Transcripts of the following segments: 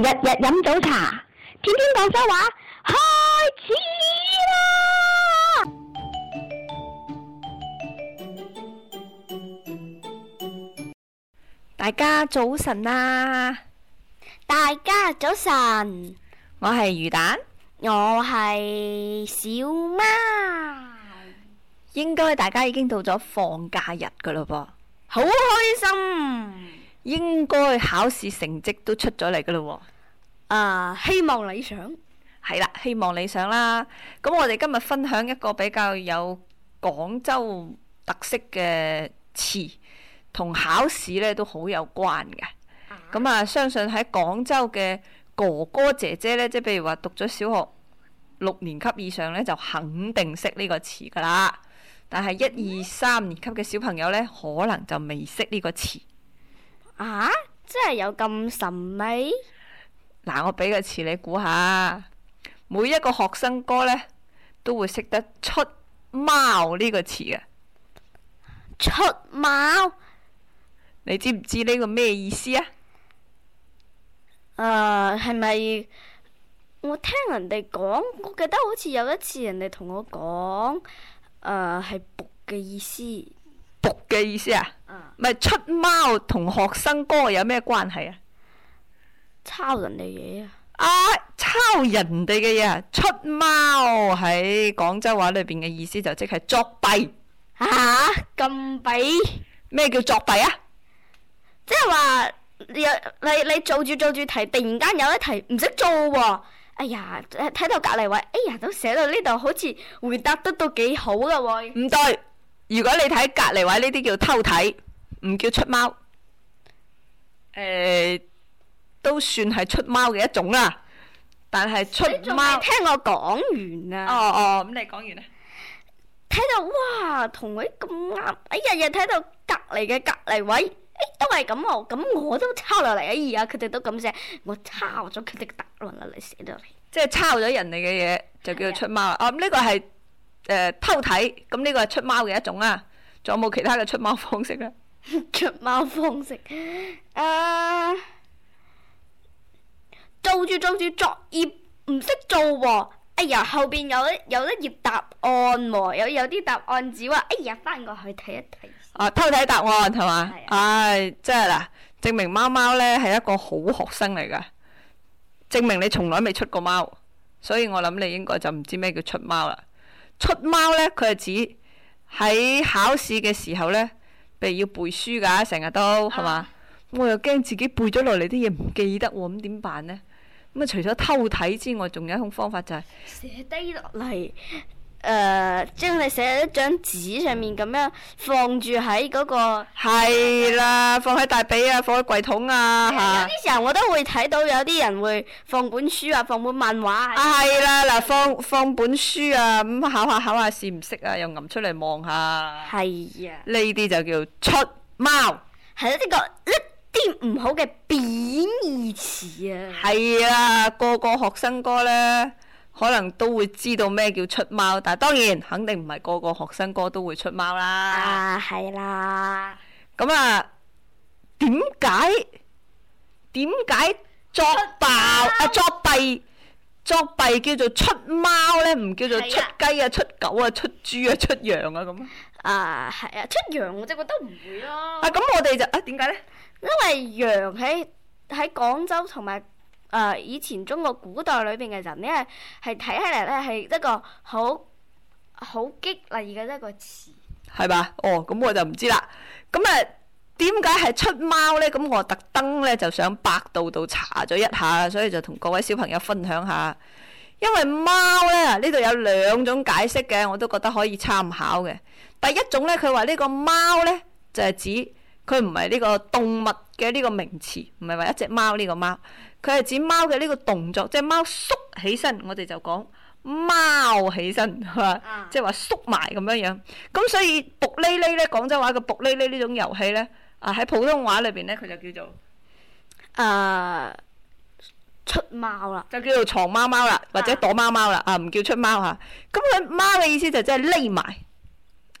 日日飲早茶，天天廣州話，開始啦！大家早晨啊！大家早晨，我係魚蛋，我係小媽。應該大家已經到咗放假日噶咯噃，好開心。應該考試成績都出咗嚟噶啦，啊！希望理想係啦，希望理想啦。咁我哋今日分享一個比較有廣州特色嘅詞，同考試呢都好有關嘅。咁啊，啊，相信喺廣州嘅哥哥姐姐呢，即係譬如話讀咗小學六年級以上呢，就肯定識呢個詞噶啦。但係一二三年級嘅小朋友呢，可能就未識呢個詞。啊！真係有咁神秘？嗱、啊，我俾個詞你估下，每一個學生哥呢，都會識得出貓呢個詞嘅。出貓？你知唔知呢個咩意思啊？啊、呃，係咪？我聽人哋講，我記得好似有一次人哋同我講，誒、呃，係仆嘅意思。仆嘅意思啊！咪出貓同學生哥有咩關係啊，啊？抄人哋嘢啊！啊，抄人哋嘅嘢啊！出貓喺廣州話裏邊嘅意思就即係作弊啊！咁弊咩叫作弊啊？即係話你你做住做住題，突然間有一題唔識做喎，啊。哎呀，睇到隔籬位，哎呀都寫到呢度，好似回答得都幾好噶喎，啊。唔對，如果你睇隔籬位呢啲叫偷睇。唔叫出貓，誒、欸，都算係出貓嘅一種啊。但係出貓、哦哦嗯，你仲未聽我講完啊？哦哦，咁你講完啦。睇到哇，同位咁啱，哎日日睇到隔籬嘅隔籬位，哎、都係咁學，咁我,我都抄落嚟啊！而家佢哋都咁寫，我抄咗佢哋嘅答案嚟寫落嚟。即係抄咗人哋嘅嘢，就叫做出貓啦。啊的，咁呢、哦嗯這個係誒、呃、偷睇，咁、嗯、呢、這個係出貓嘅一種啊。仲有冇其他嘅出貓方式咧？出貓方式啊，uh, 做住做住作業唔識做喎、哦，哎呀後邊有，有一有一頁答案喎、哦，有有啲答案紙啊、哦，哎呀翻過去睇一睇。哦、啊，偷睇答案係嘛？係，即係嗱，證明貓貓呢係一個好學生嚟噶，證明你從來未出過貓，所以我諗你應該就唔知咩叫出貓啦。出貓呢，佢係指喺考試嘅時候呢。譬如要背書噶，成日都係嘛？啊、我又驚自己背咗落嚟啲嘢唔記得，咁點辦呢？咁啊除咗偷睇之外，仲有一種方法就係寫低落嚟。誒，將、呃就是、你寫喺一張紙上面咁樣放住喺嗰個。係啦，啊、放喺大髀啊，放喺櫃桶啊，嚇。有啲時候我都會睇到有啲人會放本書啊，放本漫畫。啊，係啦，嗱、啊啊啊，放放本書啊，咁考下考下試唔識啊，又揞出嚟望下。係啊。呢啲、啊、就叫出貓，係呢、啊呢個一啲唔好嘅貶義詞啊。係啊，個個學生哥咧。可能都會知道咩叫出貓，但係當然肯定唔係個個學生哥都會出貓啦。啊，係啦。咁啊，點解點解作弊啊，作弊作弊叫做出貓咧？唔叫做出雞啊、出狗啊、出豬啊、出羊啊咁啊？啊，係啊，出羊我就覺得唔會咯。啊，咁我哋就啊，點解咧？因為羊喺喺廣州同埋。呃，以前中國古代裏邊嘅人呢，係睇起嚟呢，係一個好好激烈嘅一個詞，係嘛？哦，咁我就唔知啦。咁誒點解係出貓呢？咁我特登呢，就想百度度查咗一下，所以就同各位小朋友分享下。因為貓呢，呢度有兩種解釋嘅，我都覺得可以參考嘅。第一種呢，佢話呢個貓呢，就係、是、指佢唔係呢個動物嘅呢個名詞，唔係話一隻貓呢個貓。佢係指貓嘅呢個動作，即係貓縮起身，我哋就講貓起身，啊、即係話縮埋咁樣樣。咁所以卜哩哩呢咧廣州話嘅卜哩哩呢種遊戲呢，啊喺普通話裏邊呢，佢就叫做誒、啊、出貓啦，就叫做藏貓貓啦，或者躲貓貓啦。啊唔、啊、叫出貓嚇。咁、啊、佢貓嘅意思就真係匿埋，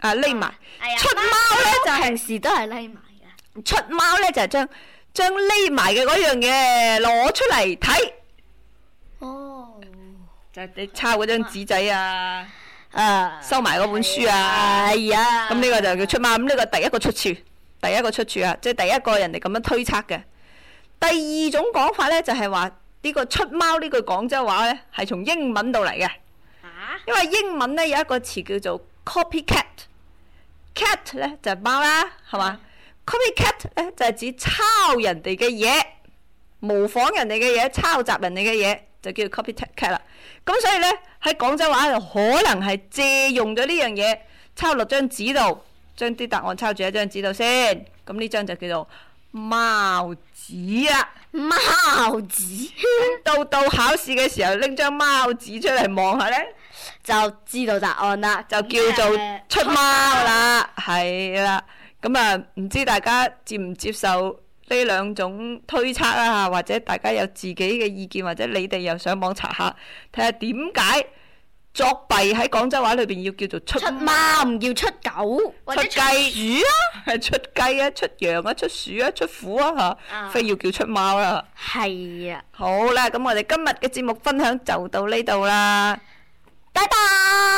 啊匿埋。出貓呢就平時都係匿埋嘅。出貓呢就係將。將匿埋嘅嗰樣嘢攞出嚟睇，哦，就係你抄嗰張紙仔啊，啊，收埋嗰本書啊，哎呀，咁呢、哎呀嗯這個就叫出貓。咁、嗯、呢、這個第一個出處，第一個出處啊，即、就、係、是、第一個人哋咁樣推測嘅。第二種講法呢，就係話呢個出貓呢句廣州話呢，係從英文度嚟嘅，因為英文呢有一個詞叫做 copycat，cat 呢就貓、是、啦，係嘛、啊？copycat 咧就係指抄人哋嘅嘢，模仿人哋嘅嘢，抄襲人哋嘅嘢就叫 copycat 啦。咁所以呢，喺廣州話就可能係借用咗呢樣嘢，抄落張紙度，將啲答案抄住喺張紙度先。咁呢張就叫做貓紙啦，貓紙。 到到考試嘅時候拎張貓紙出嚟望下呢，就知道答案啦，就叫做出貓啦。係啦、呃。咁啊，唔知大家接唔接受呢兩種推測啊？或者大家有自己嘅意見，或者你哋又上網查下，睇下點解作弊喺廣州話裏邊要叫做出貓，唔貓叫出狗，出雞、鼠啊，出雞啊、出羊啊、出鼠啊、出虎啊，吓、啊，非要叫出貓啦。係啊。好啦，咁我哋今日嘅節目分享就到呢度啦，拜拜。